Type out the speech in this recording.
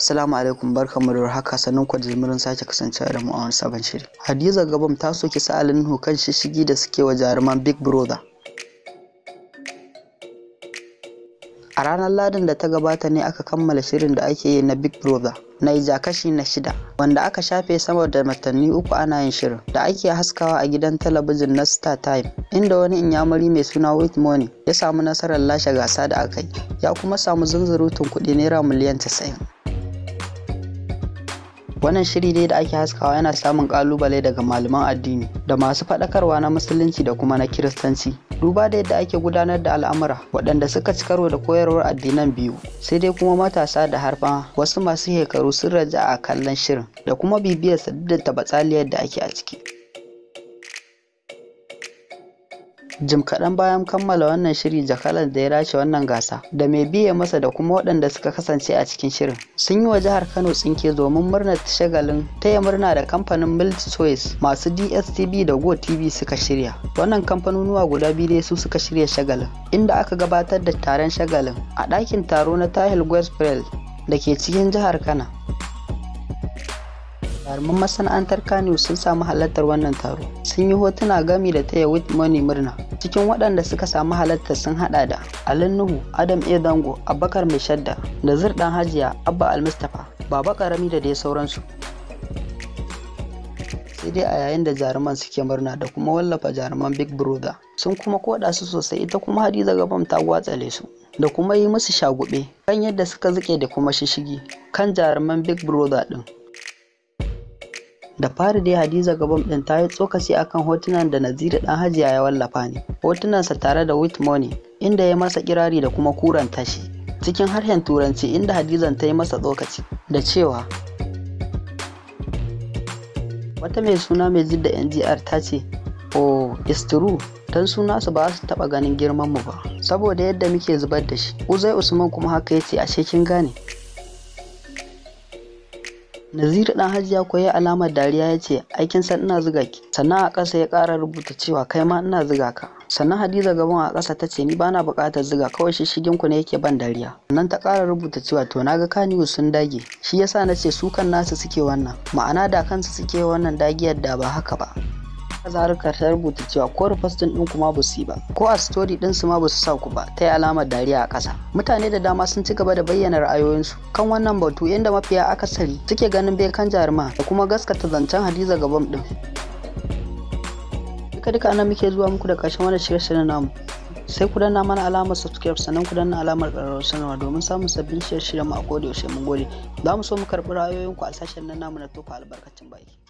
Assalamu alaikum barkamu da haka sanin ku jimirin sake kasancewa da mu a wani sabon shiri. Hadiza Gabam ta soke sa'alin kan shishigi da suke wa jaruman Big Brother. A ranar Ladin da ta gabata ne aka kammala shirin da ake yi na Big Brother na ija kashi na shida wanda aka shafe sama da matanni uku ana yin shirin da ake haskawa a gidan talabijin na Star Time inda wani inyamuri mai suna Wait Money ya samu nasarar lashe gasa da aka yi ya kuma samu zunzurutun kuɗi naira miliyan 90. Wannan shiri dai da ake haskawa yana samun kalubale daga malaman addini da masu faɗakarwa na musulunci da kuma na kiristanci. Duba da yadda ake gudanar da al'amura waɗanda suka ci karo da koyarwar addinan biyu, sai dai kuma matasa da harfa wasu masu shekaru sun raja a kallon shirin da kuma bibiyar da ta tsaliyar da ake a ciki. Jim kaɗan bayan kammala wannan shiri jakalar da ya dace wannan gasa da mai biye masa da kuma waɗanda suka kasance a cikin shirin sun yi wa jihar Kano tsinke domin murnar shagalin taya murna da kamfanin Milk Choice masu DSTV da Go TV suka shirya. Wannan kamfanonuwa guda biyu dai su suka shirya shagalin inda aka gabatar da taron shagalin a ɗakin taro na Tahil Gwesprel da ke cikin jihar Kano. jaruman masana'antar kano sun samu halartar wannan taro sun yi hotuna gami da taya whitmoney murna cikin waɗanda suka samu halartar sun hada da alin nuhu adam a dango abakar mai shadda da zirɗan hajiya abba almustapha baba karami da dai sauransu sai dai a yayin da jaruman suke murna da kuma wallafa jaruman big brother sun kuma koda su sosai ita kuma hadiza gabam ta gwatsale su da kuma yi musu shagube kan yadda suka zike da kuma shishigi kan jaruman big brother ɗin. Da fari dai Hadiza Gabon ɗin ta yi tsokaci akan hotunan da Naziru ɗan Hajiya ya wallafa ne, hotunansa tare da "Wit Money, inda ya masa kirari da kuma kuran tashi. Cikin harshen Turanci inda Hadizan ta yi masa tsokaci da cewa Wata mai suna mai jidda NGR ta ce, Oh, it's true, don suna su ba su taba ganin girman mu ba saboda yadda muke zubar da shi uzai usman kuma haka yace ashe kin gane Naziru dan Hajji ya koyi alamar dariya ya ce, aikin san ina zuga ki." Sannan a ƙasa ya ƙara rubuta cewa kai ma ina zuga ka. Sannan Hadiza gaban a ƙasa ta ce, "Ni bana na buƙatar zuga, kawai shigin ku ne yake ban dariya." Sannan ta ƙara rubuta cewa to naga Kaniyu sun dage. Shi yasa na ce su kan nasu suke wannan. Ma'ana da kansu suke wannan dagiyar da ba haka ba. ka ta rubuta cewa ko rufastin din kuma ba su yi ba ko a story din su ma ba su sa ku ba ta yi alamar dariya a ƙasa mutane da dama sun ci gaba da bayyana ra'ayoyinsu kan wannan batu inda mafiya akasari suke ganin bai kan jaruma da kuma gaskata zancen hadiza gabam ɗin duka duka ana muke zuwa muku da ƙarshen wani shirye-shiryen namu sai ku danna mana alamar subscribe sannan ku danna alamar ƙararrawar sanarwa domin samun sabbin shirye-shiryen mu a koda yaushe mun gode za mu so mu karɓi ra'ayoyinku a sashen nan namu na tofa albarkacin baki